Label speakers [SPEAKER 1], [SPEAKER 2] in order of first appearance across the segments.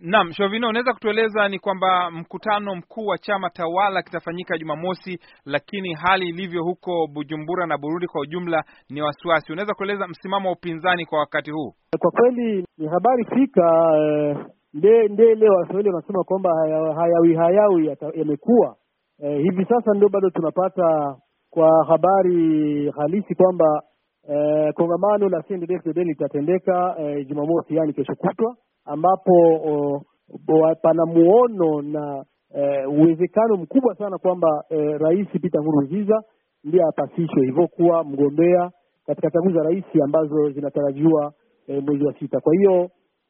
[SPEAKER 1] Naam, Shovino, unaweza kutueleza ni kwamba mkutano mkuu wa chama tawala kitafanyika Jumamosi, lakini hali ilivyo huko Bujumbura na Burundi kwa ujumla ni wasiwasi. Unaweza kueleza msimamo wa upinzani kwa wakati huu?
[SPEAKER 2] Kwa kweli ni habari fika eh, nde nde, leo Waswahili wanasema kwamba hayawi hayawi yamekuwa e, hivi sasa ndio bado tunapata kwa habari halisi kwamba e, kongamano la CNDD-FDD litatendeka e, Jumamosi, yani kesho kutwa ambapo uh, pana muono na e, uwezekano mkubwa sana kwamba uh, Rais Pierre Nkurunziza ndiye apasishwe hivyo kuwa mgombea katika chaguzi za rais ambazo zinatarajiwa uh, mwezi wa sita. Kwa hiyo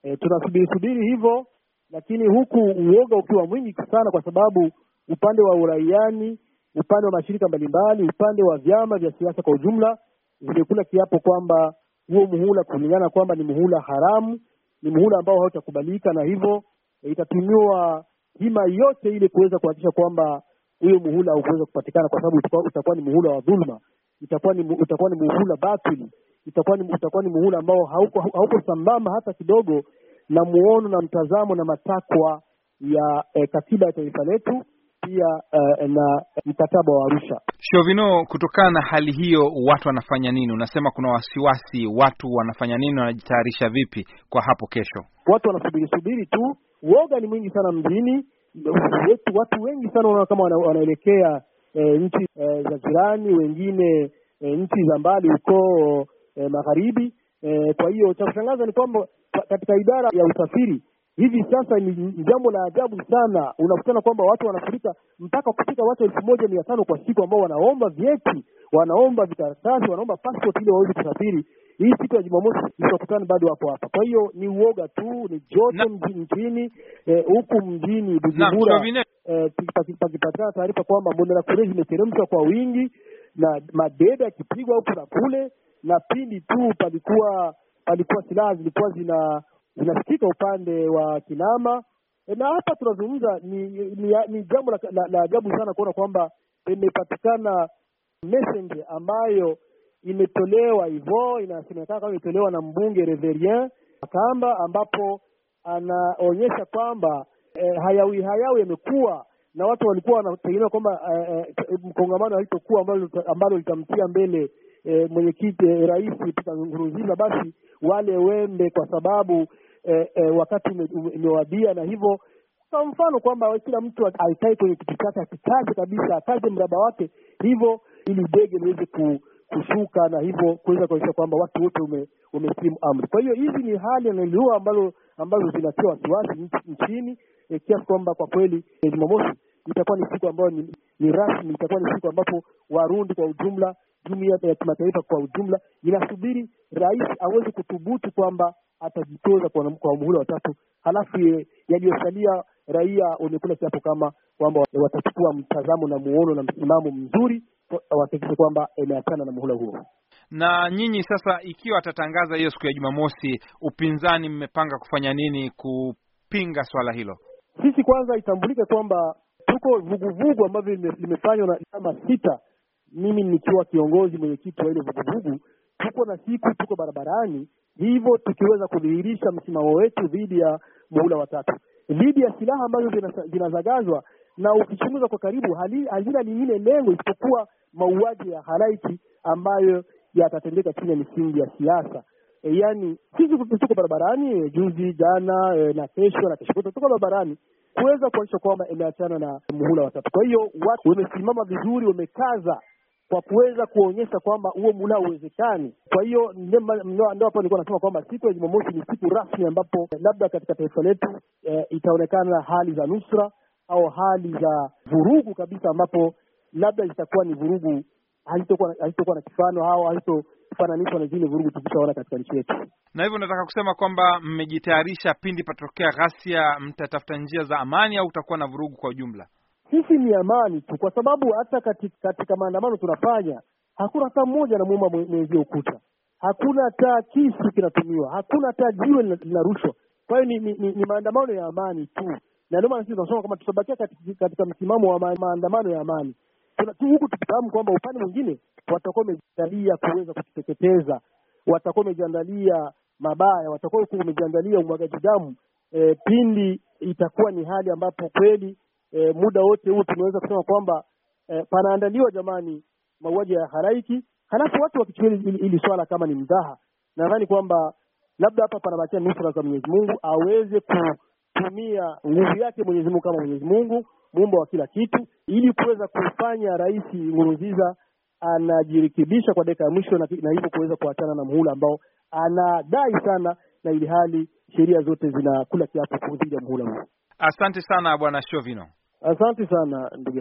[SPEAKER 2] uh, tunasubiri subiri hivyo, lakini huku uoga ukiwa mwingi sana, kwa sababu upande wa uraiani, upande wa mashirika mbalimbali, upande wa vyama vya siasa kwa ujumla vimekula kiapo kwamba huo muhula, kulingana kwamba ni muhula haramu ni muhula ambao hautakubalika, na hivyo itatumiwa hima yote ili kuweza kuhakikisha kwamba huyo muhula haukuweza kupatikana, kwa sababu utakuwa ni muhula wa dhulma, itakuwa ni utakuwa ni muhula batili, itakuwa ni utakuwa ni muhula ambao hauko, hauko sambamba hata kidogo na muono na mtazamo na matakwa ya eh, katiba ya taifa letu pia uh, na mkataba wa Arusha.
[SPEAKER 1] Shovino, kutokana na hali hiyo, watu wanafanya nini? Unasema kuna wasiwasi, watu wanafanya nini? Wanajitayarisha vipi kwa hapo kesho?
[SPEAKER 2] Watu wanasubiri subiri tu, woga ni mwingi sana mjini wetu. Watu wengi sana wanaona kama wanaelekea e, nchi e, za jirani, wengine e, nchi za mbali huko e, magharibi. E, kwa hiyo cha kushangaza ni kwamba katika idara ya usafiri hivi sasa ni jambo la ajabu sana. Unakutana kwamba watu wanafurika mpaka kufika watu elfu moja mia tano kwa siku ambao wanaomba vyeti, wanaomba vikaratasi, wanaomba passport ili waweze kusafiri. Hii siku ya Jumamosi tutakutana bado hapo hapa. Kwa hiyo ni uoga tu, ni joto nchini eh, huku eh, mjini Bujumbura eh, taarifa kwamba bonde la Kurehe kwa wingi na madebe yakipigwa huku na kule, na pindi tu palikuwa palikuwa silaha zilikuwa zina zinasikika upande wa Kinama e, na hapa tunazungumza ni, ni, ni jambo la, la, la ajabu sana kuona kwamba imepatikana messenge ambayo imetolewa hivo inasemekana kama imetolewa na mbunge Reverien kamba ambapo anaonyesha kwamba e, hayawi hayawi yamekuwa na watu walikuwa wanategemea kwamba e, e, mkongamano alitokuwa ambalo, ambalo litamtia mbele e, mwenyekiti e, Rais Pierre Nkurunziza, basi wale wembe, kwa sababu e, e, wakati umewadia, na hivyo kwa mfano kwamba kila mtu aikae kwenye kiti chake, akikaze kabisa, akaze mraba wake, hivyo ili dege liweze kushuka na hivyo kuweza kuonyesha kwamba watu wote wamesilimu amri. Kwa hiyo hizi ni hali na lua ambazo zinatia wasiwasi nchini e, kiasi kwamba kwa kweli e, Jumamosi itakuwa ni siku ambayo ni, ni rasmi, itakuwa ni siku ambapo Warundi kwa ujumla, jumuia ya kimataifa kwa ujumla inasubiri rais aweze kuthubutu kwamba atajitoza kwa muhula watatu, halafu yaliyosalia raia wamekula kiapo kama kwamba watachukua mtazamo na muono na msimamo mzuri, wahakikishe kwamba imeachana na muhula huo.
[SPEAKER 1] Na nyinyi sasa, ikiwa atatangaza hiyo siku ya Jumamosi, upinzani mmepanga kufanya nini kupinga swala hilo?
[SPEAKER 2] Sisi kwanza itambulike kwamba tuko vuguvugu ambavyo limefanywa na chama sita, mimi nikiwa kiongozi mwenyekiti wa ile vuguvugu tutakuwa na siku tuko barabarani, hivyo tukiweza kudhihirisha msimamo wetu dhidi ya muhula watatu, dhidi ya silaha ambazo zinazagazwa na ukichunguza kwa karibu hazina lingine lengo isipokuwa mauaji ya halaiki ambayo yatatendeka chini ya misingi ya siasa. E, yani sisi tuko barabarani e, juzi, jana e, na kesho na kesho kutwa tuko barabarani kuweza kuonyesha kwamba imeachana na muhula watatu. Kwa hiyo watu wamesimama vizuri, wamekaza kwa kuweza kuonyesha kwamba huo mula uwezekani. Kwa hiyo ndio hapo nilikuwa nasema kwamba siku ya Jumamosi ni siku rasmi ambapo labda katika taifa letu e, itaonekana hali za nusra au hali za vurugu kabisa, ambapo labda zitakuwa ni vurugu hazitokuwa na kifano au hazitofananishwa na zile vurugu tukishaona katika nchi yetu.
[SPEAKER 1] Na hivyo nataka kusema kwamba mmejitayarisha, pindi patokea ghasia, mtatafuta njia za amani au kutakuwa na vurugu kwa ujumla?
[SPEAKER 2] sisi ni amani tu, kwa sababu hata katika, katika maandamano tunafanya, hakuna hata mmoja anamuuma mwenzio ukuta, hakuna hata kisu kinatumiwa, hakuna hata jiwe linarushwa. Kwa hiyo ni, ni, ni maandamano ya amani tu, na ndio maana sisi tunasema kama tutabakia katika, katika msimamo wa maandamano ya amani huku tukifahamu kwamba upande mwingine watakuwa wamejiandalia kuweza kututeketeza, watakuwa wamejiandalia mabaya, watakuwa wamejiandalia umwagaji damu e, pindi itakuwa ni hali ambapo kweli e, muda wote huu tumeweza kusema kwamba e, panaandaliwa jamani mauaji ya haraiki halafu watu wakichukulia ili swala kama ni mdhaha, nadhani kwamba labda hapa panabakia nusura za Mwenyezi Mungu aweze kutumia nguvu yake Mwenyezi Mungu kama Mwenyezi Mungu muumba wa kila kitu, ili kuweza kufanya Rais nguruziza anajirekebisha kwa dakika ya mwisho na, na hivyo kuweza kuachana na muhula ambao anadai sana, na ili hali sheria zote zinakula kiapo dhidi ya muhula huo.
[SPEAKER 1] Asante sana Bwana Shovino.
[SPEAKER 2] Asante sana ndugu